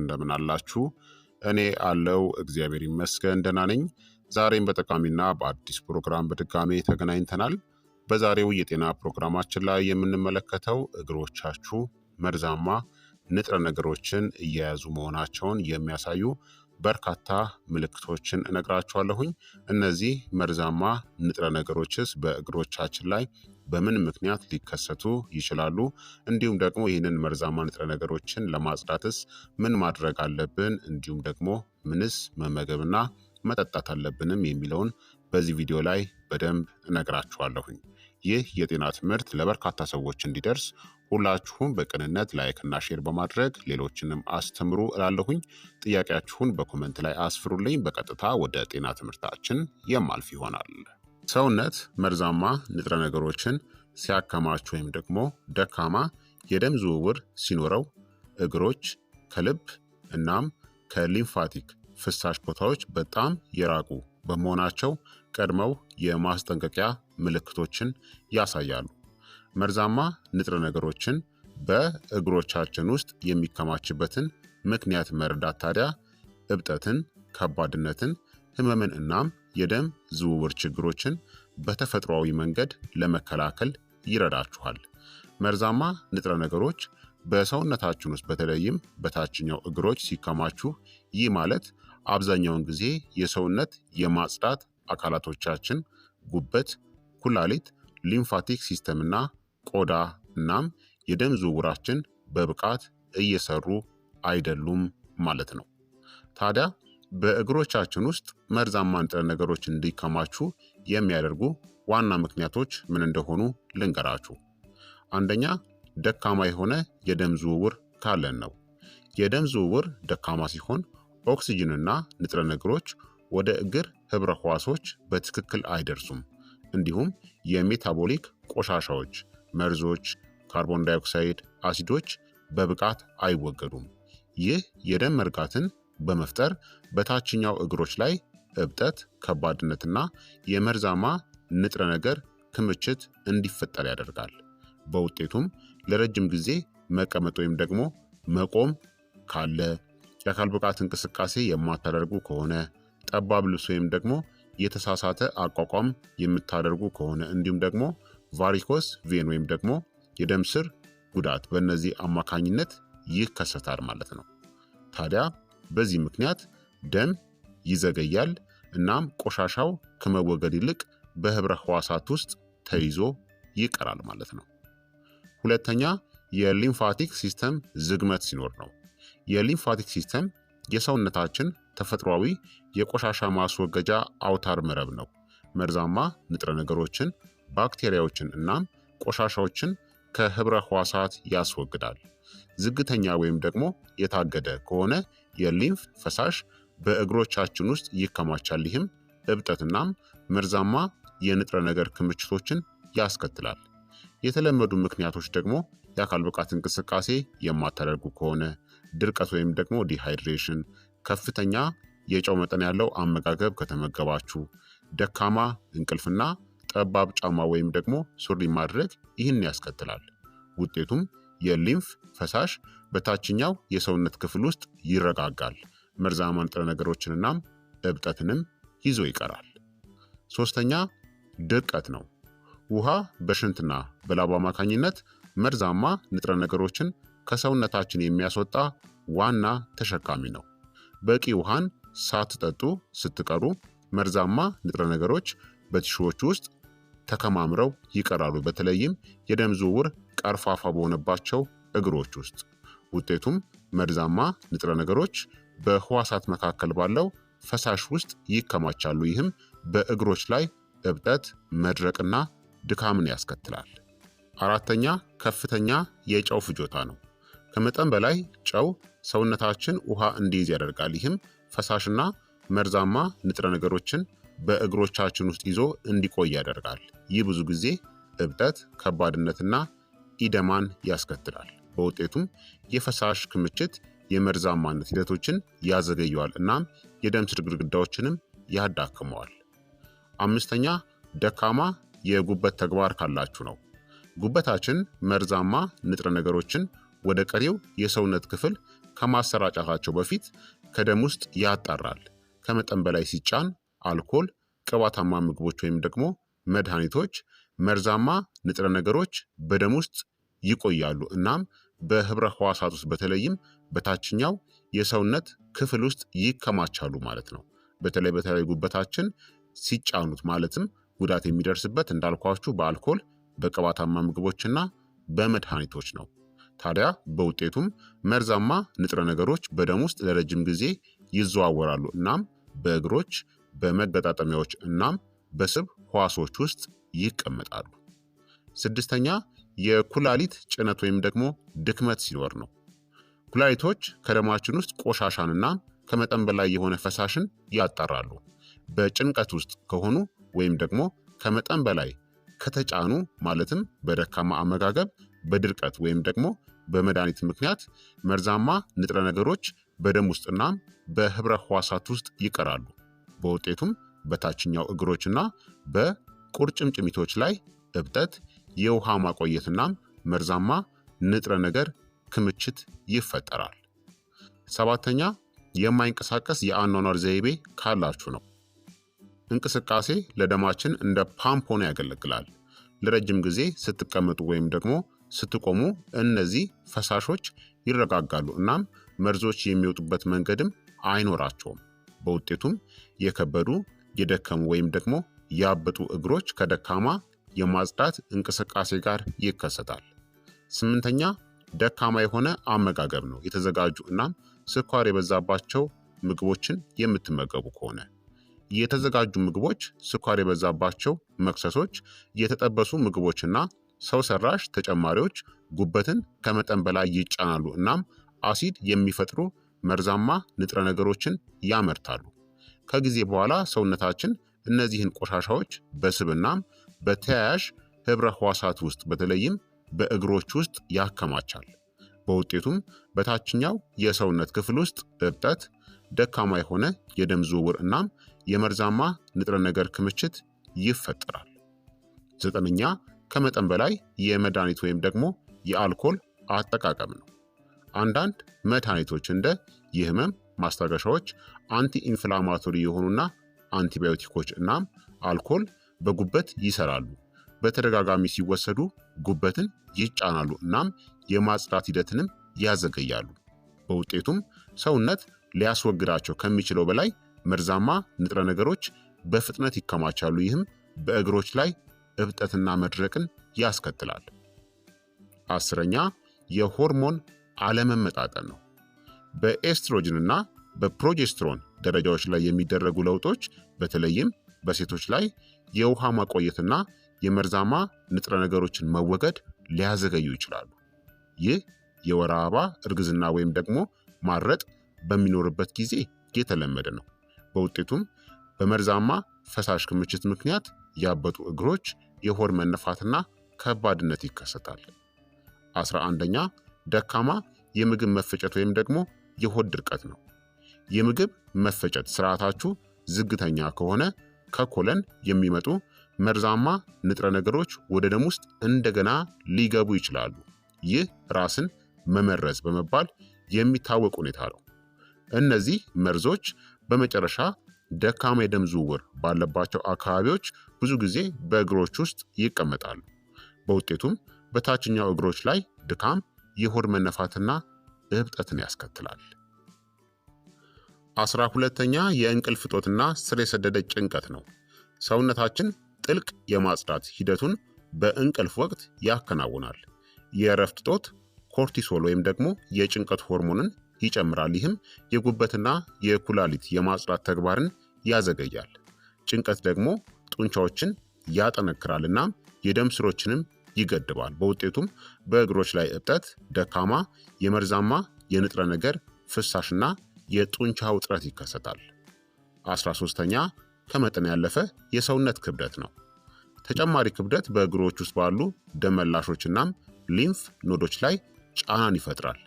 እንደምን አላችሁ? እኔ አለው እግዚአብሔር ይመስገን ደህና ነኝ። ዛሬም በጠቃሚና በአዲስ ፕሮግራም በድጋሜ ተገናኝተናል። በዛሬው የጤና ፕሮግራማችን ላይ የምንመለከተው እግሮቻችሁ መርዛማ ንጥረ ነገሮችን እየያዙ መሆናቸውን የሚያሳዩ በርካታ ምልክቶችን እነግራችኋለሁኝ። እነዚህ መርዛማ ንጥረ ነገሮችስ በእግሮቻችን ላይ በምን ምክንያት ሊከሰቱ ይችላሉ? እንዲሁም ደግሞ ይህንን መርዛማ ንጥረ ነገሮችን ለማጽዳትስ ምን ማድረግ አለብን? እንዲሁም ደግሞ ምንስ መመገብና መጠጣት አለብንም የሚለውን በዚህ ቪዲዮ ላይ በደንብ እነግራችኋለሁኝ። ይህ የጤና ትምህርት ለበርካታ ሰዎች እንዲደርስ ሁላችሁም በቅንነት ላይክና ሼር በማድረግ ሌሎችንም አስተምሩ እላለሁኝ። ጥያቄያችሁን በኮመንት ላይ አስፍሩልኝ። በቀጥታ ወደ ጤና ትምህርታችን የማልፍ ይሆናል። ሰውነት መርዛማ ንጥረ ነገሮችን ሲያከማች ወይም ደግሞ ደካማ የደም ዝውውር ሲኖረው እግሮች ከልብ እናም ከሊምፋቲክ ፍሳሽ ቦታዎች በጣም የራቁ በመሆናቸው ቀድመው የማስጠንቀቂያ ምልክቶችን ያሳያሉ። መርዛማ ንጥረ ነገሮችን በእግሮቻችን ውስጥ የሚከማችበትን ምክንያት መረዳት ታዲያ እብጠትን፣ ከባድነትን፣ ህመምን እናም የደም ዝውውር ችግሮችን በተፈጥሯዊ መንገድ ለመከላከል ይረዳችኋል። መርዛማ ንጥረ ነገሮች በሰውነታችን ውስጥ በተለይም በታችኛው እግሮች ሲከማቹ፣ ይህ ማለት አብዛኛውን ጊዜ የሰውነት የማጽዳት አካላቶቻችን ጉበት፣ ኩላሊት፣ ሊምፋቲክ ሲስተምና ቆዳ እናም የደም ዝውውራችን በብቃት እየሰሩ አይደሉም ማለት ነው። ታዲያ በእግሮቻችን ውስጥ መርዛማ ንጥረ ነገሮች እንዲከማቹ የሚያደርጉ ዋና ምክንያቶች ምን እንደሆኑ ልንገራችሁ። አንደኛ ደካማ የሆነ የደም ዝውውር ካለን ነው። የደም ዝውውር ደካማ ሲሆን ኦክሲጅንና ንጥረ ነገሮች ወደ እግር ህብረ ህዋሶች በትክክል አይደርሱም። እንዲሁም የሜታቦሊክ ቆሻሻዎች መርዞች፣ ካርቦን ዳይኦክሳይድ፣ አሲዶች በብቃት አይወገዱም። ይህ የደም መርጋትን በመፍጠር በታችኛው እግሮች ላይ እብጠት፣ ከባድነትና የመርዛማ ንጥረ ነገር ክምችት እንዲፈጠር ያደርጋል። በውጤቱም ለረጅም ጊዜ መቀመጥ ወይም ደግሞ መቆም ካለ፣ የአካል ብቃት እንቅስቃሴ የማታደርጉ ከሆነ፣ ጠባብ ልብስ ወይም ደግሞ የተሳሳተ አቋቋም የምታደርጉ ከሆነ እንዲሁም ደግሞ ቫሪኮስ ቬን ወይም ደግሞ የደም ስር ጉዳት በእነዚህ አማካኝነት ይከሰታል ማለት ነው። ታዲያ በዚህ ምክንያት ደም ይዘገያል። እናም ቆሻሻው ከመወገድ ይልቅ በህብረ ህዋሳት ውስጥ ተይዞ ይቀራል ማለት ነው። ሁለተኛ የሊምፋቲክ ሲስተም ዝግመት ሲኖር ነው። የሊምፋቲክ ሲስተም የሰውነታችን ተፈጥሯዊ የቆሻሻ ማስወገጃ አውታር መረብ ነው። መርዛማ ንጥረ ነገሮችን ባክቴሪያዎችን እናም ቆሻሻዎችን ከህብረ ህዋሳት ያስወግዳል። ዝግተኛ ወይም ደግሞ የታገደ ከሆነ የሊምፍ ፈሳሽ በእግሮቻችን ውስጥ ይከማቻል። ይህም እብጠትናም መርዛማ የንጥረ ነገር ክምችቶችን ያስከትላል። የተለመዱ ምክንያቶች ደግሞ የአካል ብቃት እንቅስቃሴ የማታደርጉ ከሆነ፣ ድርቀት ወይም ደግሞ ዲሃይድሬሽን፣ ከፍተኛ የጨው መጠን ያለው አመጋገብ ከተመገባችሁ፣ ደካማ እንቅልፍና ጠባብ ጫማ ወይም ደግሞ ሱሪ ማድረግ ይህን ያስከትላል። ውጤቱም የሊምፍ ፈሳሽ በታችኛው የሰውነት ክፍል ውስጥ ይረጋጋል፣ መርዛማ ንጥረ ነገሮችንናም እብጠትንም ይዞ ይቀራል። ሶስተኛ ድርቀት ነው። ውሃ በሽንትና በላባ አማካኝነት መርዛማ ንጥረ ነገሮችን ከሰውነታችን የሚያስወጣ ዋና ተሸካሚ ነው። በቂ ውሃን ሳትጠጡ ስትቀሩ መርዛማ ንጥረ ነገሮች በቲሹዎች ውስጥ ተከማምረው ይቀራሉ። በተለይም የደም ዝውውር ቀርፋፋ በሆነባቸው እግሮች ውስጥ ውጤቱም መርዛማ ንጥረ ነገሮች በህዋሳት መካከል ባለው ፈሳሽ ውስጥ ይከማቻሉ። ይህም በእግሮች ላይ እብጠት፣ መድረቅና ድካምን ያስከትላል። አራተኛ ከፍተኛ የጨው ፍጆታ ነው። ከመጠን በላይ ጨው ሰውነታችን ውሃ እንዲይዝ ያደርጋል። ይህም ፈሳሽና መርዛማ ንጥረ ነገሮችን በእግሮቻችን ውስጥ ይዞ እንዲቆይ ያደርጋል። ይህ ብዙ ጊዜ እብጠት፣ ከባድነትና ኢደማን ያስከትላል። በውጤቱም የፈሳሽ ክምችት የመርዛማነት ሂደቶችን ያዘገየዋል እናም የደም ስር ግድግዳዎችንም ያዳክመዋል። አምስተኛ ደካማ የጉበት ተግባር ካላችሁ ነው። ጉበታችን መርዛማ ንጥረ ነገሮችን ወደ ቀሪው የሰውነት ክፍል ከማሰራጫታቸው በፊት ከደም ውስጥ ያጣራል። ከመጠን በላይ ሲጫን አልኮል፣ ቅባታማ ምግቦች ወይም ደግሞ መድኃኒቶች፣ መርዛማ ንጥረ ነገሮች በደም ውስጥ ይቆያሉ እናም በህብረ ህዋሳት ውስጥ በተለይም በታችኛው የሰውነት ክፍል ውስጥ ይከማቻሉ ማለት ነው። በተለይ በተለይ ጉበታችን ሲጫኑት ማለትም ጉዳት የሚደርስበት እንዳልኳችሁ በአልኮል በቅባታማ ምግቦችና በመድኃኒቶች ነው። ታዲያ በውጤቱም መርዛማ ንጥረ ነገሮች በደም ውስጥ ለረጅም ጊዜ ይዘዋወራሉ እናም በእግሮች፣ በመገጣጠሚያዎች እናም በስብ ህዋሶች ውስጥ ይቀመጣሉ። ስድስተኛ የኩላሊት ጭነት ወይም ደግሞ ድክመት ሲኖር ነው። ኩላሊቶች ከደማችን ውስጥ ቆሻሻን እናም ከመጠን በላይ የሆነ ፈሳሽን ያጣራሉ። በጭንቀት ውስጥ ከሆኑ ወይም ደግሞ ከመጠን በላይ ከተጫኑ ማለትም በደካማ አመጋገብ፣ በድርቀት ወይም ደግሞ በመድኃኒት ምክንያት መርዛማ ንጥረ ነገሮች በደም ውስጥና በህብረ ህዋሳት ውስጥ ይቀራሉ። በውጤቱም በታችኛው እግሮችና በቁርጭምጭሚቶች ላይ እብጠት፣ የውሃ ማቆየትና መርዛማ ንጥረ ነገር ክምችት ይፈጠራል። ሰባተኛ የማይንቀሳቀስ የአኗኗር ዘይቤ ካላችሁ ነው። እንቅስቃሴ ለደማችን እንደ ፓምፕ ሆኖ ያገለግላል። ለረጅም ጊዜ ስትቀመጡ ወይም ደግሞ ስትቆሙ እነዚህ ፈሳሾች ይረጋጋሉ፣ እናም መርዞች የሚወጡበት መንገድም አይኖራቸውም። በውጤቱም የከበዱ የደከሙ ወይም ደግሞ ያበጡ እግሮች ከደካማ የማጽዳት እንቅስቃሴ ጋር ይከሰታል። ስምንተኛ ደካማ የሆነ አመጋገብ ነው። የተዘጋጁ እናም ስኳር የበዛባቸው ምግቦችን የምትመገቡ ከሆነ የተዘጋጁ ምግቦች፣ ስኳር የበዛባቸው መክሰሶች፣ የተጠበሱ ምግቦችና ሰው ሰራሽ ተጨማሪዎች ጉበትን ከመጠን በላይ ይጫናሉ እናም አሲድ የሚፈጥሩ መርዛማ ንጥረ ነገሮችን ያመርታሉ። ከጊዜ በኋላ ሰውነታችን እነዚህን ቆሻሻዎች በስብናም በተያያዥ ህብረ ህዋሳት ውስጥ በተለይም በእግሮች ውስጥ ያከማቻል። በውጤቱም በታችኛው የሰውነት ክፍል ውስጥ እብጠት፣ ደካማ የሆነ የደም ዝውውር እናም የመርዛማ ንጥረ ነገር ክምችት ይፈጠራል። ዘጠነኛ ከመጠን በላይ የመድኃኒት ወይም ደግሞ የአልኮል አጠቃቀም ነው። አንዳንድ መድኃኒቶች እንደ የህመም ማስታገሻዎች፣ አንቲ ኢንፍላማቶሪ የሆኑና አንቲባዮቲኮች እናም አልኮል በጉበት ይሰራሉ። በተደጋጋሚ ሲወሰዱ ጉበትን ይጫናሉ እናም የማጽዳት ሂደትንም ያዘገያሉ። በውጤቱም ሰውነት ሊያስወግዳቸው ከሚችለው በላይ መርዛማ ንጥረ ነገሮች በፍጥነት ይከማቻሉ። ይህም በእግሮች ላይ እብጠትና መድረቅን ያስከትላል። አስረኛ የሆርሞን አለመመጣጠን ነው። በኤስትሮጅንና በፕሮጀስትሮን ደረጃዎች ላይ የሚደረጉ ለውጦች በተለይም በሴቶች ላይ የውሃ ማቆየትና የመርዛማ ንጥረ ነገሮችን መወገድ ሊያዘገዩ ይችላሉ። ይህ የወር አበባ እርግዝና ወይም ደግሞ ማረጥ በሚኖርበት ጊዜ የተለመደ ነው። በውጤቱም በመርዛማ ፈሳሽ ክምችት ምክንያት ያበጡ እግሮች፣ የሆድ መነፋትና ከባድነት ይከሰታል። አስራ አንደኛ ደካማ የምግብ መፈጨት ወይም ደግሞ የሆድ ድርቀት ነው። የምግብ መፈጨት ስርዓታችሁ ዝግተኛ ከሆነ ከኮለን የሚመጡ መርዛማ ንጥረ ነገሮች ወደ ደም ውስጥ እንደገና ሊገቡ ይችላሉ። ይህ ራስን መመረዝ በመባል የሚታወቅ ሁኔታ ነው። እነዚህ መርዞች በመጨረሻ ደካማ የደም ዝውውር ባለባቸው አካባቢዎች ብዙ ጊዜ በእግሮች ውስጥ ይቀመጣሉ። በውጤቱም በታችኛው እግሮች ላይ ድካም የሆድ መነፋትና እብጠትን ያስከትላል። አስራ ሁለተኛ የእንቅልፍ እጦትና ስር የሰደደ ጭንቀት ነው። ሰውነታችን ጥልቅ የማጽዳት ሂደቱን በእንቅልፍ ወቅት ያከናውናል። የእረፍት እጦት ኮርቲሶል ወይም ደግሞ የጭንቀት ሆርሞንን ይጨምራል። ይህም የጉበትና የኩላሊት የማጽዳት ተግባርን ያዘገያል። ጭንቀት ደግሞ ጡንቻዎችን ያጠነክራል እናም የደም ስሮችንም ይገድባል። በውጤቱም በእግሮች ላይ እብጠት፣ ደካማ የመርዛማ የንጥረ ነገር ፍሳሽና የጡንቻ ውጥረት ይከሰታል። 13ተኛ ከመጠን ያለፈ የሰውነት ክብደት ነው። ተጨማሪ ክብደት በእግሮች ውስጥ ባሉ ደም መላሾች እናም ሊምፍ ኖዶች ላይ ጫናን ይፈጥራል።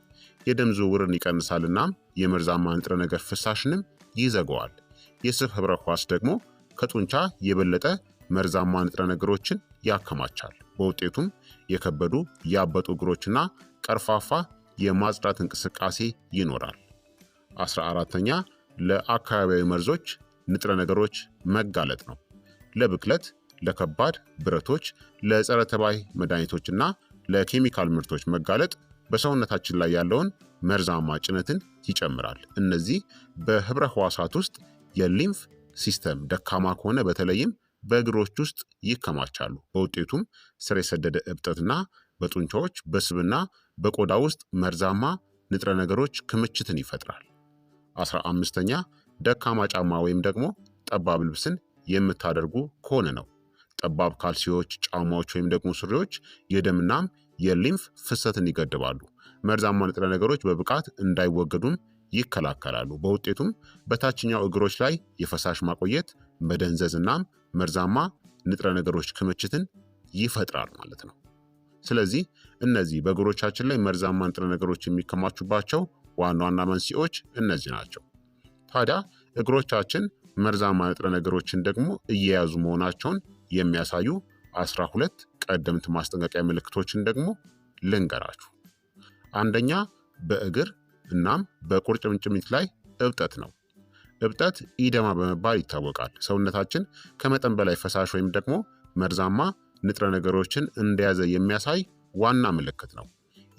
የደም ዝውውርን ይቀንሳል እናም የመርዛማ ንጥረ ነገር ፍሳሽንም ይዘገዋል። የስብ ህብረ ኳስ ደግሞ ከጡንቻ የበለጠ መርዛማ ንጥረ ነገሮችን ያከማቻል። በውጤቱም የከበዱ ያበጡ እግሮችና ቀርፋፋ የማጽዳት እንቅስቃሴ ይኖራል። 14ተኛ ለአካባቢያዊ መርዞች፣ ንጥረ ነገሮች መጋለጥ ነው። ለብክለት፣ ለከባድ ብረቶች፣ ለጸረ ተባይ መድኃኒቶችና ለኬሚካል ምርቶች መጋለጥ በሰውነታችን ላይ ያለውን መርዛማ ጭነትን ይጨምራል። እነዚህ በህብረ ህዋሳት ውስጥ የሊምፍ ሲስተም ደካማ ከሆነ በተለይም በእግሮች ውስጥ ይከማቻሉ። በውጤቱም ስር የሰደደ እብጠትና በጡንቻዎች በስብና በቆዳ ውስጥ መርዛማ ንጥረ ነገሮች ክምችትን ይፈጥራል። አስራ አምስተኛ ደካማ ጫማ ወይም ደግሞ ጠባብ ልብስን የምታደርጉ ከሆነ ነው። ጠባብ ካልሲዎች፣ ጫማዎች ወይም ደግሞ ሱሪዎች የደምናም የሊምፍ ፍሰትን ይገድባሉ። መርዛማ ንጥረ ነገሮች በብቃት እንዳይወገዱም ይከላከላሉ። በውጤቱም በታችኛው እግሮች ላይ የፈሳሽ ማቆየት መደንዘዝ እናም መርዛማ ንጥረ ነገሮች ክምችትን ይፈጥራል ማለት ነው። ስለዚህ እነዚህ በእግሮቻችን ላይ መርዛማ ንጥረ ነገሮች የሚከማቹባቸው ዋና ዋና መንስኤዎች እነዚህ ናቸው። ታዲያ እግሮቻችን መርዛማ ንጥረ ነገሮችን ደግሞ እየያዙ መሆናቸውን የሚያሳዩ አስራ ሁለት ቀደምት ማስጠንቀቂያ ምልክቶችን ደግሞ ልንገራችሁ። አንደኛ በእግር እናም በቁርጭምጭሚት ላይ እብጠት ነው። እብጠት ኢደማ በመባል ይታወቃል። ሰውነታችን ከመጠን በላይ ፈሳሽ ወይም ደግሞ መርዛማ ንጥረ ነገሮችን እንደያዘ የሚያሳይ ዋና ምልክት ነው።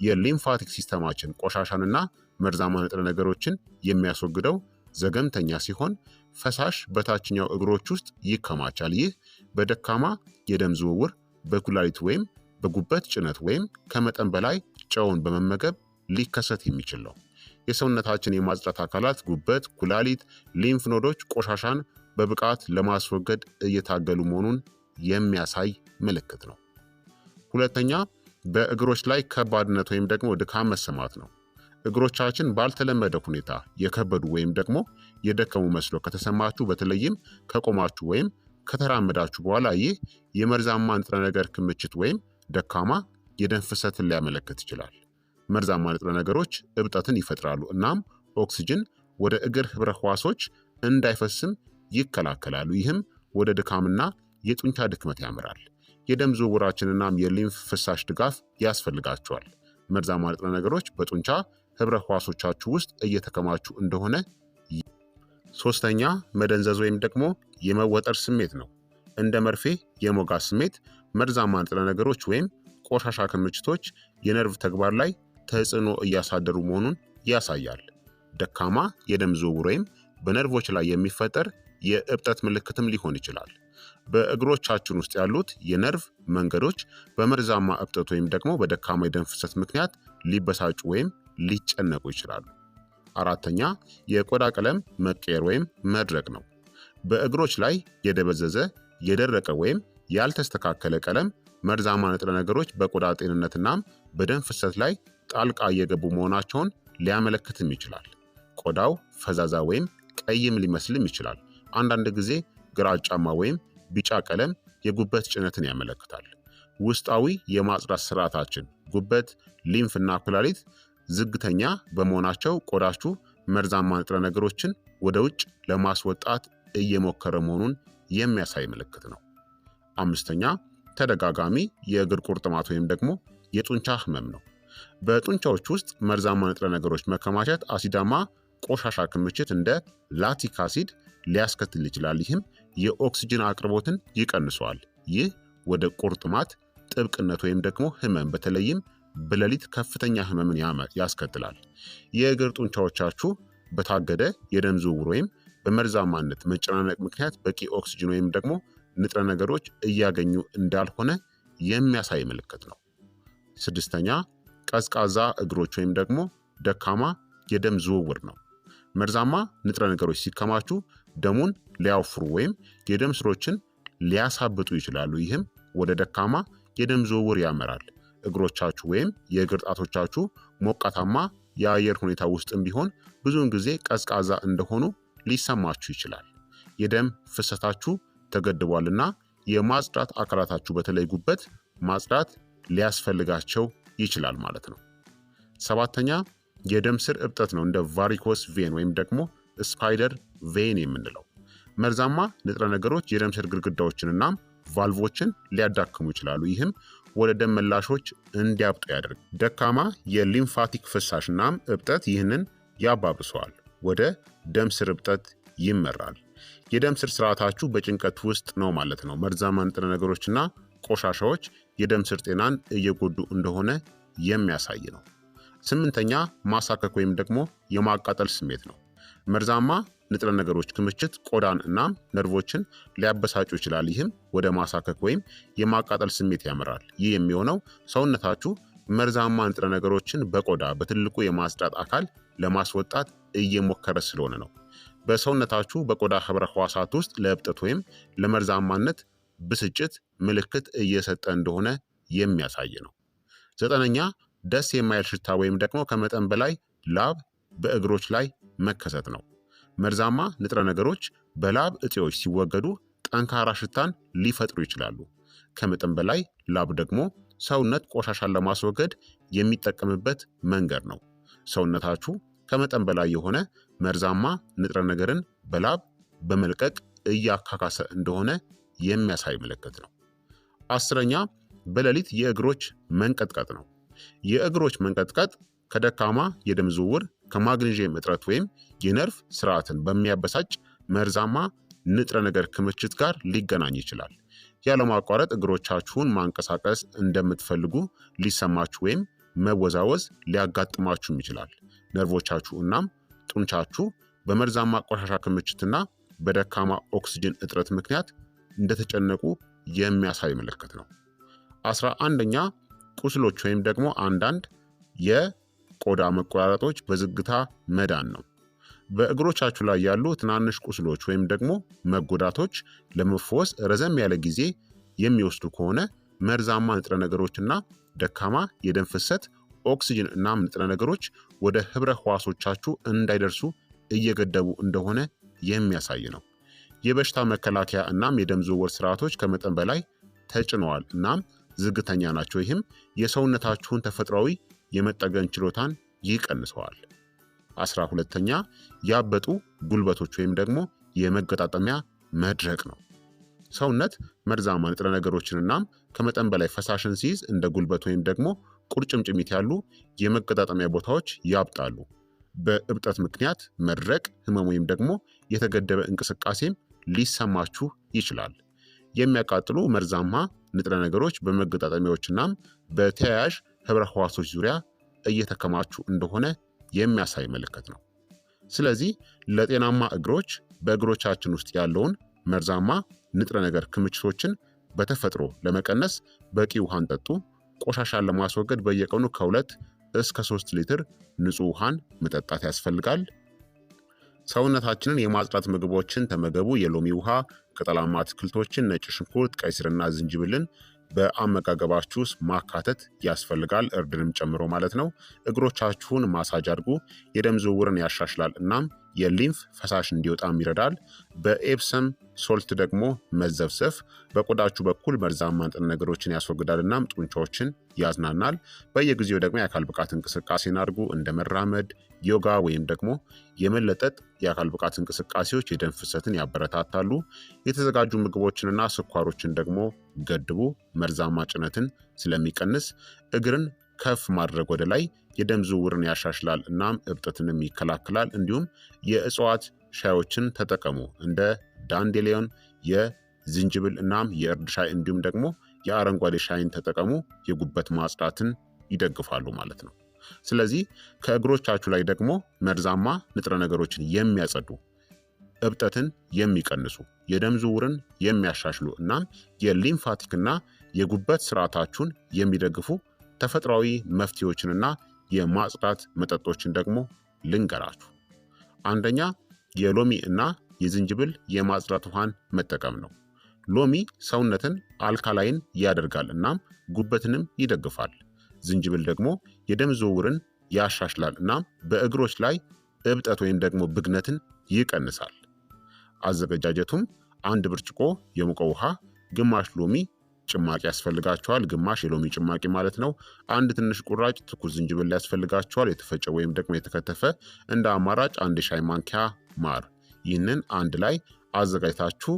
የሊምፋቲክ ሲስተማችን ቆሻሻንና መርዛማ ንጥረ ነገሮችን የሚያስወግደው ዘገምተኛ ሲሆን ፈሳሽ በታችኛው እግሮች ውስጥ ይከማቻል። ይህ በደካማ የደም ዝውውር፣ በኩላሊት ወይም በጉበት ጭነት ወይም ከመጠን በላይ ጨውን በመመገብ ሊከሰት የሚችል ነው። የሰውነታችን የማጽዳት አካላት ጉበት፣ ኩላሊት፣ ሊምፍ ኖዶች ቆሻሻን በብቃት ለማስወገድ እየታገሉ መሆኑን የሚያሳይ ምልክት ነው። ሁለተኛ በእግሮች ላይ ከባድነት ወይም ደግሞ ድካም መሰማት ነው። እግሮቻችን ባልተለመደ ሁኔታ የከበዱ ወይም ደግሞ የደከሙ መስሎ ከተሰማችሁ በተለይም ከቆማችሁ ወይም ከተራመዳችሁ በኋላ ይህ የመርዛማ ንጥረ ነገር ክምችት ወይም ደካማ የደም ፍሰትን ሊያመለክት ይችላል። መርዛማ ንጥረ ነገሮች እብጠትን ይፈጥራሉ እናም ኦክስጅን ወደ እግር ህብረ ህዋሶች እንዳይፈስም ይከላከላሉ። ይህም ወደ ድካምና የጡንቻ ድክመት ያምራል። የደም ዝውውራችንናም የሊምፍ ፍሳሽ ድጋፍ ያስፈልጋቸዋል። መርዛማ ንጥረ ነገሮች በጡንቻ ህብረ ህዋሶቻችሁ ውስጥ እየተከማቹ እንደሆነ። ሶስተኛ መደንዘዝ ወይም ደግሞ የመወጠር ስሜት ነው። እንደ መርፌ የሞጋ ስሜት መርዛማ ንጥረ ነገሮች ወይም ቆሻሻ ክምችቶች የነርቭ ተግባር ላይ ተጽዕኖ እያሳደሩ መሆኑን ያሳያል። ደካማ የደም ዝውውር ወይም በነርቮች ላይ የሚፈጠር የእብጠት ምልክትም ሊሆን ይችላል። በእግሮቻችን ውስጥ ያሉት የነርቭ መንገዶች በመርዛማ እብጠት ወይም ደግሞ በደካማ የደም ፍሰት ምክንያት ሊበሳጩ ወይም ሊጨነቁ ይችላሉ። አራተኛ የቆዳ ቀለም መቀየር ወይም መድረቅ ነው። በእግሮች ላይ የደበዘዘ የደረቀ ወይም ያልተስተካከለ ቀለም መርዛማ ንጥረ ነገሮች በቆዳ ጤንነትናም በደም ፍሰት ላይ ጣልቃ እየገቡ መሆናቸውን ሊያመለክትም ይችላል። ቆዳው ፈዛዛ ወይም ቀይም ሊመስልም ይችላል። አንዳንድ ጊዜ ግራጫማ ወይም ቢጫ ቀለም የጉበት ጭነትን ያመለክታል። ውስጣዊ የማጽዳት ስርዓታችን ጉበት፣ እና ኩላሊት ዝግተኛ በመሆናቸው ቆዳችሁ መርዛማ ንጥረ ነገሮችን ወደ ውጭ ለማስወጣት እየሞከረ መሆኑን የሚያሳይ ምልክት ነው። አምስተኛ ተደጋጋሚ የእግር ቁርጥማት ወይም ደግሞ የጡንቻ ህመም ነው። በጡንቻዎች ውስጥ መርዛማ ንጥረ ነገሮች መከማቸት አሲዳማ ቆሻሻ ክምችት እንደ ላቲክ አሲድ ሊያስከትል ይችላል። ይህም የኦክስጅን አቅርቦትን ይቀንሰዋል። ይህ ወደ ቁርጥማት፣ ጥብቅነት ወይም ደግሞ ህመም በተለይም በሌሊት ከፍተኛ ህመምን ያስከትላል። የእግር ጡንቻዎቻችሁ በታገደ የደም ዝውውር ወይም በመርዛማነት መጨናነቅ ምክንያት በቂ ኦክስጅን ወይም ደግሞ ንጥረ ነገሮች እያገኙ እንዳልሆነ የሚያሳይ ምልክት ነው። ስድስተኛ ቀዝቃዛ እግሮች ወይም ደግሞ ደካማ የደም ዝውውር ነው። መርዛማ ንጥረ ነገሮች ሲከማቹ ደሙን ሊያወፍሩ ወይም የደም ስሮችን ሊያሳብጡ ይችላሉ። ይህም ወደ ደካማ የደም ዝውውር ያመራል። እግሮቻችሁ ወይም የእግር ጣቶቻችሁ ሞቃታማ የአየር ሁኔታ ውስጥም ቢሆን ብዙውን ጊዜ ቀዝቃዛ እንደሆኑ ሊሰማችሁ ይችላል። የደም ፍሰታችሁ ተገድቧልና የማጽዳት አካላታችሁ በተለይ ጉበት ማጽዳት ሊያስፈልጋቸው ይችላል ማለት ነው። ሰባተኛ የደም ስር እብጠት ነው፣ እንደ ቫሪኮስ ቬን ወይም ደግሞ ስፓይደር ቬን የምንለው መርዛማ ንጥረ ነገሮች የደም ስር ግድግዳዎችን ቫልቮችን ሊያዳክሙ ይችላሉ። ይህም ወደ ደም መላሾች እንዲያብጡ ያደርግ። ደካማ የሊምፋቲክ ፍሳሽ እናም እብጠት ይህንን ያባብሰዋል፣ ወደ ደም ስር እብጠት ይመራል። የደም ስር ስርዓታችሁ በጭንቀት ውስጥ ነው ማለት ነው። መርዛማ ንጥረ ነገሮችና ቆሻሻዎች የደም ስር ጤናን እየጎዱ እንደሆነ የሚያሳይ ነው። ስምንተኛ ማሳከክ ወይም ደግሞ የማቃጠል ስሜት ነው። መርዛማ ንጥረ ነገሮች ክምችት ቆዳን እናም ነርቮችን ሊያበሳጩ ይችላል። ይህም ወደ ማሳከክ ወይም የማቃጠል ስሜት ያመራል። ይህ የሚሆነው ሰውነታችሁ መርዛማ ንጥረ ነገሮችን በቆዳ በትልቁ የማጽዳት አካል ለማስወጣት እየሞከረ ስለሆነ ነው። በሰውነታችሁ በቆዳ ህብረ ህዋሳት ውስጥ ለእብጠት ወይም ለመርዛማነት ብስጭት ምልክት እየሰጠ እንደሆነ የሚያሳይ ነው። ዘጠነኛ ደስ የማይል ሽታ ወይም ደግሞ ከመጠን በላይ ላብ በእግሮች ላይ መከሰት ነው። መርዛማ ንጥረ ነገሮች በላብ እጢዎች ሲወገዱ ጠንካራ ሽታን ሊፈጥሩ ይችላሉ። ከመጠን በላይ ላብ ደግሞ ሰውነት ቆሻሻን ለማስወገድ የሚጠቀምበት መንገድ ነው። ሰውነታችሁ ከመጠን በላይ የሆነ መርዛማ ንጥረ ነገርን በላብ በመልቀቅ እያካካሰ እንደሆነ የሚያሳይ ምልክት ነው። አስረኛ በሌሊት የእግሮች መንቀጥቀጥ ነው። የእግሮች መንቀጥቀጥ ከደካማ የደም ዝውውር ከማግኔዥየም እጥረት ወይም የነርቭ ስርዓትን በሚያበሳጭ መርዛማ ንጥረ ነገር ክምችት ጋር ሊገናኝ ይችላል። ያለማቋረጥ እግሮቻችሁን ማንቀሳቀስ እንደምትፈልጉ ሊሰማችሁ ወይም መወዛወዝ ሊያጋጥማችሁም ይችላል። ነርቮቻችሁ እናም ጡንቻችሁ በመርዛማ ቆሻሻ ክምችትና በደካማ ኦክስጅን እጥረት ምክንያት እንደተጨነቁ የሚያሳይ ምልክት ነው። አስራ አንደኛ ቁስሎች ወይም ደግሞ አንዳንድ የቆዳ መቆራረጦች በዝግታ መዳን ነው። በእግሮቻችሁ ላይ ያሉ ትናንሽ ቁስሎች ወይም ደግሞ መጎዳቶች ለመፈወስ ረዘም ያለ ጊዜ የሚወስዱ ከሆነ መርዛማ ንጥረ ነገሮችና ደካማ የደም ፍሰት ኦክሲጅን እናም ንጥረ ነገሮች ወደ ህብረ ህዋሶቻችሁ እንዳይደርሱ እየገደቡ እንደሆነ የሚያሳይ ነው። የበሽታ መከላከያ እናም የደም ዝውውር ስርዓቶች ከመጠን በላይ ተጭነዋል እናም ዝግተኛ ናቸው። ይህም የሰውነታችሁን ተፈጥሯዊ የመጠገን ችሎታን ይቀንሰዋል። አስራ ሁለተኛ ያበጡ ጉልበቶች ወይም ደግሞ የመገጣጠሚያ መድረቅ ነው። ሰውነት መርዛማ ንጥረ ነገሮችን እናም ከመጠን በላይ ፈሳሽን ሲይዝ እንደ ጉልበት ወይም ደግሞ ቁርጭምጭሚት ያሉ የመገጣጠሚያ ቦታዎች ያብጣሉ። በእብጠት ምክንያት መድረቅ ህመም ወይም ደግሞ የተገደበ እንቅስቃሴም ሊሰማችሁ ይችላል። የሚያቃጥሉ መርዛማ ንጥረ ነገሮች በመገጣጠሚያዎችናም በተያያዥ ህብረ ህዋሶች ዙሪያ እየተከማቹ እንደሆነ የሚያሳይ ምልክት ነው። ስለዚህ ለጤናማ እግሮች በእግሮቻችን ውስጥ ያለውን መርዛማ ንጥረ ነገር ክምችቶችን በተፈጥሮ ለመቀነስ በቂ ውሃን ጠጡ። ቆሻሻን ለማስወገድ በየቀኑ ከሁለት እስከ ሶስት ሊትር ንጹህ ውሃን መጠጣት ያስፈልጋል። ሰውነታችንን የማጽዳት ምግቦችን ተመገቡ። የሎሚ ውሃ፣ ቅጠላማ አትክልቶችን፣ ነጭ ሽንኩርት፣ ቀይስርና ዝንጅብልን በአመጋገባችሁ ውስጥ ማካተት ያስፈልጋል፣ እርድንም ጨምሮ ማለት ነው። እግሮቻችሁን ማሳጅ አድርጉ፣ የደም ዝውውርን ያሻሽላል እናም የሊምፍ ፈሳሽ እንዲወጣም ይረዳል። በኤፕሰም ሶልት ደግሞ መዘፍዘፍ በቆዳችሁ በኩል መርዛማ ንጥረ ነገሮችን ያስወግዳል እናም ጡንቻዎችን ያዝናናል። በየጊዜው ደግሞ የአካል ብቃት እንቅስቃሴን አድርጉ። እንደ መራመድ፣ ዮጋ ወይም ደግሞ የመለጠጥ የአካል ብቃት እንቅስቃሴዎች የደም ፍሰትን ያበረታታሉ። የተዘጋጁ ምግቦችንና ስኳሮችን ደግሞ ገድቡ፣ መርዛማ ጭነትን ስለሚቀንስ እግርን ከፍ ማድረግ ወደ ላይ የደም ዝውውርን ያሻሽላል እናም እብጠትንም ይከላከላል። እንዲሁም የእጽዋት ሻዮችን ተጠቀሙ። እንደ ዳንዴሊዮን፣ የዝንጅብል እናም የእርድ ሻይ እንዲሁም ደግሞ የአረንጓዴ ሻይን ተጠቀሙ። የጉበት ማጽዳትን ይደግፋሉ ማለት ነው። ስለዚህ ከእግሮቻችሁ ላይ ደግሞ መርዛማ ንጥረ ነገሮችን የሚያጸዱ እብጠትን የሚቀንሱ የደም ዝውውርን የሚያሻሽሉ እናም የሊምፋቲክና የጉበት ስርዓታችሁን የሚደግፉ ተፈጥሯዊ መፍትሄዎችንና የማጽዳት መጠጦችን ደግሞ ልንገራችሁ። አንደኛ የሎሚ እና የዝንጅብል የማጽዳት ውሃን መጠቀም ነው። ሎሚ ሰውነትን አልካላይን ያደርጋል እናም ጉበትንም ይደግፋል። ዝንጅብል ደግሞ የደም ዝውውርን ያሻሽላል እናም በእግሮች ላይ እብጠት ወይም ደግሞ ብግነትን ይቀንሳል። አዘገጃጀቱም አንድ ብርጭቆ የሙቀ ውሃ፣ ግማሽ ሎሚ፣ ጭማቂ ያስፈልጋቸዋል። ግማሽ የሎሚ ጭማቂ ማለት ነው። አንድ ትንሽ ቁራጭ ትኩስ ዝንጅብል ያስፈልጋቸዋል። የተፈጨ ወይም ደግሞ የተከተፈ እንደ አማራጭ አንድ የሻይ ማንኪያ ማር። ይህንን አንድ ላይ አዘጋጅታችሁ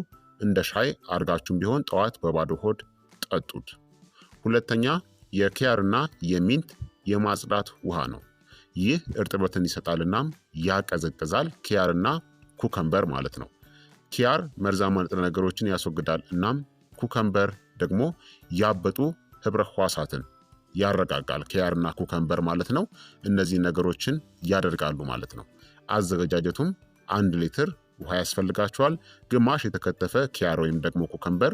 እንደ ሻይ አድርጋችሁም ቢሆን ጠዋት በባዶ ሆድ ጠጡት። ሁለተኛ የኪያርና የሚንት የማጽዳት ውሃ ነው። ይህ እርጥበትን ይሰጣልናም ያቀዘቅዛል። ኪያርና ኩከምበር ማለት ነው። ኪያር መርዛማ ንጥረ ነገሮችን ያስወግዳል። እናም ኩከምበር ደግሞ ያበጡ ህብረ ህዋሳትን ያረጋጋል። ኪያርና ኩከንበር ማለት ነው። እነዚህ ነገሮችን ያደርጋሉ ማለት ነው። አዘገጃጀቱም አንድ ሊትር ውሃ ያስፈልጋቸዋል። ግማሽ የተከተፈ ኪያር ወይም ደግሞ ኩከምበር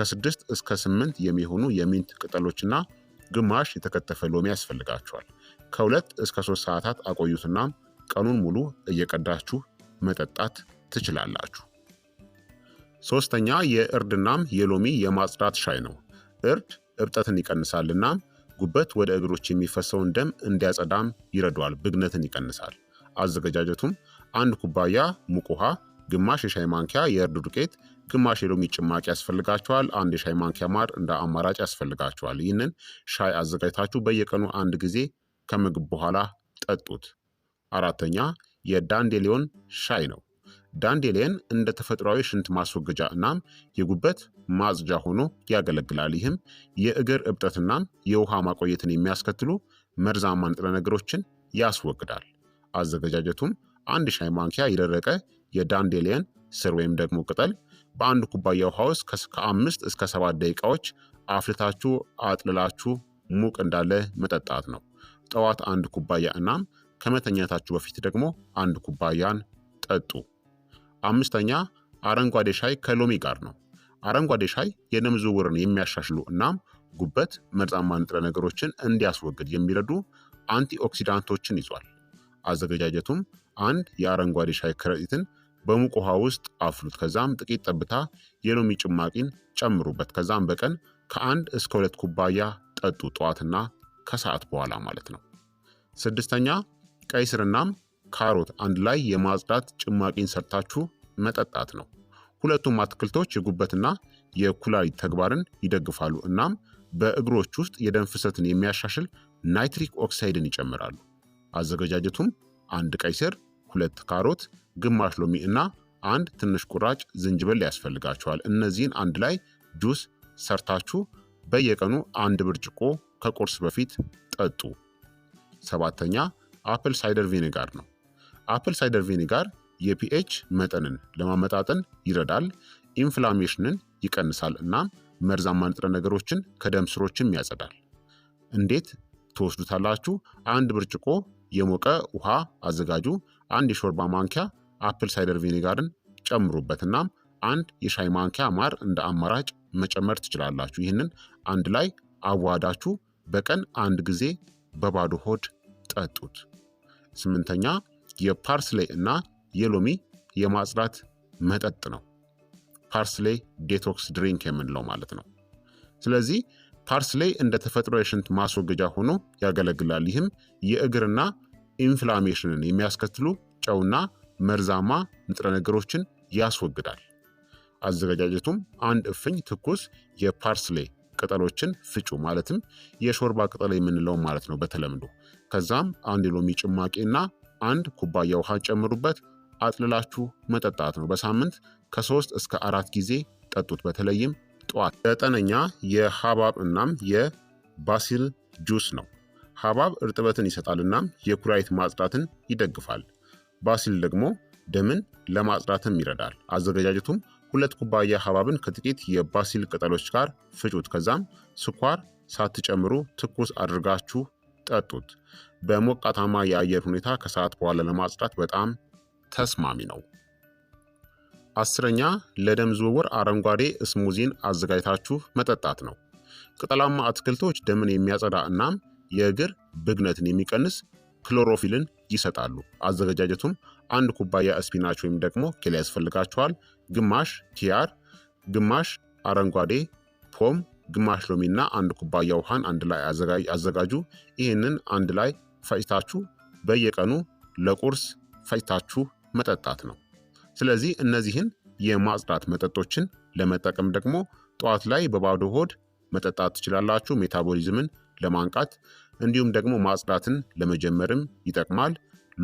ከስድስት እስከ ስምንት የሚሆኑ የሚንት ቅጠሎችና ግማሽ የተከተፈ ሎሚ ያስፈልጋቸዋል። ከሁለት እስከ ሶስት ሰዓታት አቆዩትና ቀኑን ሙሉ እየቀዳችሁ መጠጣት ትችላላችሁ። ሶስተኛ የእርድናም የሎሚ የማጽዳት ሻይ ነው። እርድ እብጠትን ይቀንሳልና ጉበት ወደ እግሮች የሚፈሰውን ደም እንዲያጸዳም ይረዳዋል። ብግነትን ይቀንሳል። አዘገጃጀቱም አንድ ኩባያ ሙቅ ውሃ፣ ግማሽ የሻይ ማንኪያ የእርድ ዱቄት፣ ግማሽ የሎሚ ጭማቂ ያስፈልጋቸዋል። አንድ የሻይ ማንኪያ ማር እንደ አማራጭ ያስፈልጋቸዋል። ይህንን ሻይ አዘጋጅታችሁ በየቀኑ አንድ ጊዜ ከምግብ በኋላ ጠጡት። አራተኛ የዳንዴሊዮን ሻይ ነው። ዳንዴሊየን እንደ ተፈጥሯዊ ሽንት ማስወገጃ እናም የጉበት ማጽጃ ሆኖ ያገለግላል። ይህም የእግር እብጠትናም የውሃ ማቆየትን የሚያስከትሉ መርዛማ ንጥረ ነገሮችን ያስወግዳል። አዘገጃጀቱም አንድ ሻይ ማንኪያ የደረቀ የዳንዴሊየን ስር ወይም ደግሞ ቅጠል በአንድ ኩባያ ውሃ ውስጥ ከአምስት እስከ ሰባት ደቂቃዎች አፍልታችሁ አጥልላችሁ ሙቅ እንዳለ መጠጣት ነው። ጠዋት አንድ ኩባያ እናም ከመተኛታችሁ በፊት ደግሞ አንድ ኩባያን ጠጡ። አምስተኛ አረንጓዴ ሻይ ከሎሚ ጋር ነው። አረንጓዴ ሻይ የደም ዝውውርን የሚያሻሽሉ እናም ጉበት መርዛማ ንጥረ ነገሮችን እንዲያስወግድ የሚረዱ አንቲኦክሲዳንቶችን ይዟል። አዘገጃጀቱም አንድ የአረንጓዴ ሻይ ከረጢትን በሙቅ ውሃ ውስጥ አፍሉት። ከዛም ጥቂት ጠብታ የሎሚ ጭማቂን ጨምሩበት። ከዛም በቀን ከአንድ እስከ ሁለት ኩባያ ጠጡ፣ ጠዋትና ከሰዓት በኋላ ማለት ነው። ስድስተኛ ቀይ ስርናም ካሮት አንድ ላይ የማጽዳት ጭማቂን ሰርታችሁ መጠጣት ነው። ሁለቱም አትክልቶች የጉበትና የኩላሊት ተግባርን ይደግፋሉ እናም በእግሮች ውስጥ የደም ፍሰትን የሚያሻሽል ናይትሪክ ኦክሳይድን ይጨምራሉ። አዘገጃጀቱም አንድ ቀይ ስር፣ ሁለት ካሮት፣ ግማሽ ሎሚ እና አንድ ትንሽ ቁራጭ ዝንጅብል ያስፈልጋቸዋል። እነዚህን አንድ ላይ ጁስ ሰርታችሁ በየቀኑ አንድ ብርጭቆ ከቁርስ በፊት ጠጡ። ሰባተኛ አፕል ሳይደር ቪኔጋር ነው። አፕል ሳይደር ቪኒጋር የፒኤች መጠንን ለማመጣጠን ይረዳል፣ ኢንፍላሜሽንን ይቀንሳል እና መርዛማ ንጥረ ነገሮችን ከደም ስሮችም ያጸዳል። እንዴት ትወስዱታላችሁ? አንድ ብርጭቆ የሞቀ ውሃ አዘጋጁ። አንድ የሾርባ ማንኪያ አፕል ሳይደር ቪኒጋርን ጨምሩበት እናም አንድ የሻይ ማንኪያ ማር እንደ አማራጭ መጨመር ትችላላችሁ። ይህንን አንድ ላይ አዋዳችሁ በቀን አንድ ጊዜ በባዶ ሆድ ጠጡት። ስምንተኛ የፓርስሌ እና የሎሚ የማጽዳት መጠጥ ነው። ፓርስሌ ዴቶክስ ድሪንክ የምንለው ማለት ነው። ስለዚህ ፓርስሌ እንደ ተፈጥሮ የሽንት ማስወገጃ ሆኖ ያገለግላል። ይህም የእግርና ኢንፍላሜሽንን የሚያስከትሉ ጨውና መርዛማ ንጥረ ነገሮችን ያስወግዳል። አዘገጃጀቱም አንድ እፍኝ ትኩስ የፓርስሌ ቅጠሎችን ፍጩ፣ ማለትም የሾርባ ቅጠል የምንለው ማለት ነው በተለምዶ። ከዛም አንድ የሎሚ ጭማቂና አንድ ኩባያ ውሃ ጨምሩበት፣ አጥልላችሁ መጠጣት ነው። በሳምንት ከሶስት እስከ አራት ጊዜ ጠጡት፣ በተለይም ጠዋት። ዘጠነኛ የሀባብ እናም የባሲል ጁስ ነው። ሀባብ እርጥበትን ይሰጣል እናም የኩላሊት ማጽዳትን ይደግፋል። ባሲል ደግሞ ደምን ለማጽዳትም ይረዳል። አዘገጃጀቱም ሁለት ኩባያ ሀባብን ከጥቂት የባሲል ቅጠሎች ጋር ፍጩት። ከዛም ስኳር ሳትጨምሩ ትኩስ አድርጋችሁ ጠጡት። በሞቃታማ የአየር ሁኔታ ከሰዓት በኋላ ለማጽዳት በጣም ተስማሚ ነው። አስረኛ ለደም ዝውውር አረንጓዴ እስሙዚን አዘጋጅታችሁ መጠጣት ነው። ቅጠላማ አትክልቶች ደምን የሚያጸዳ እናም የእግር ብግነትን የሚቀንስ ክሎሮፊልን ይሰጣሉ። አዘገጃጀቱም አንድ ኩባያ እስፒናች ወይም ደግሞ ኬል ያስፈልጋችኋል፣ ግማሽ ኪያር፣ ግማሽ አረንጓዴ ፖም፣ ግማሽ ሎሚና አንድ ኩባያ ውሃን አንድ ላይ አዘጋጁ። ይህንን አንድ ላይ ፈጭታችሁ በየቀኑ ለቁርስ ፈጭታችሁ መጠጣት ነው። ስለዚህ እነዚህን የማጽዳት መጠጦችን ለመጠቀም ደግሞ ጠዋት ላይ በባዶ ሆድ መጠጣት ትችላላችሁ። ሜታቦሊዝምን ለማንቃት እንዲሁም ደግሞ ማጽዳትን ለመጀመርም ይጠቅማል።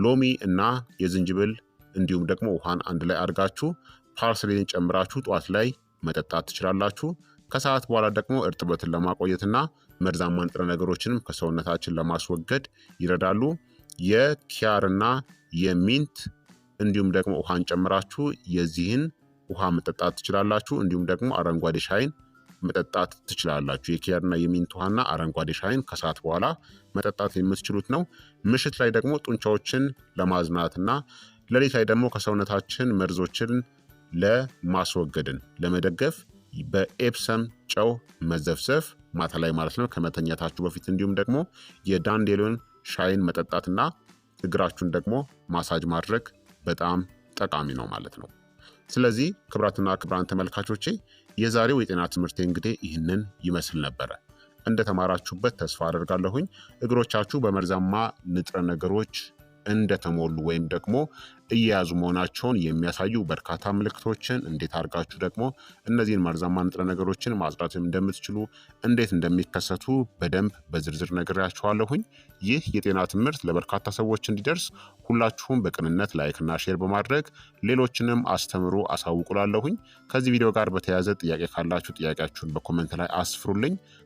ሎሚ እና የዝንጅብል እንዲሁም ደግሞ ውሃን አንድ ላይ አድርጋችሁ ፓርስሌን ጨምራችሁ ጠዋት ላይ መጠጣት ትችላላችሁ። ከሰዓት በኋላ ደግሞ እርጥበትን ለማቆየትና መርዛማ ንጥረ ነገሮችንም ከሰውነታችን ለማስወገድ ይረዳሉ። የኪያርና የሚንት እንዲሁም ደግሞ ውሃን ጨምራችሁ የዚህን ውሃ መጠጣት ትችላላችሁ። እንዲሁም ደግሞ አረንጓዴ ሻይን መጠጣት ትችላላችሁ። የኪያርና የሚንት ውሃና አረንጓዴ ሻይን ከሰዓት በኋላ መጠጣት የምትችሉት ነው። ምሽት ላይ ደግሞ ጡንቻዎችን ለማዝናትና ሌሊት ላይ ደግሞ ከሰውነታችን መርዞችን ለማስወገድን ለመደገፍ በኤፕሰም ጨው መዘፍዘፍ ማታ ላይ ማለት ነው ከመተኛታችሁ በፊት እንዲሁም ደግሞ የዳንዴሎን ሻይን መጠጣትና እግራችሁን ደግሞ ማሳጅ ማድረግ በጣም ጠቃሚ ነው ማለት ነው። ስለዚህ ክብራትና ክብራን ተመልካቾቼ የዛሬው የጤና ትምህርቴ እንግዲህ ይህንን ይመስል ነበረ። እንደተማራችሁበት ተስፋ አደርጋለሁኝ። እግሮቻችሁ በመርዛማ ንጥረ ነገሮች እንደተሞሉ ወይም ደግሞ እየያዙ መሆናቸውን የሚያሳዩ በርካታ ምልክቶችን እንዴት አድርጋችሁ ደግሞ እነዚህን መርዛማ ንጥረ ነገሮችን ማጽዳት እንደምትችሉ እንዴት እንደሚከሰቱ በደንብ በዝርዝር ነግሬያችኋለሁኝ። ይህ የጤና ትምህርት ለበርካታ ሰዎች እንዲደርስ ሁላችሁም በቅንነት ላይክና ሼር በማድረግ ሌሎችንም አስተምሩ አሳውቁላለሁኝ። ከዚህ ቪዲዮ ጋር በተያያዘ ጥያቄ ካላችሁ ጥያቄያችሁን በኮመንት ላይ አስፍሩልኝ።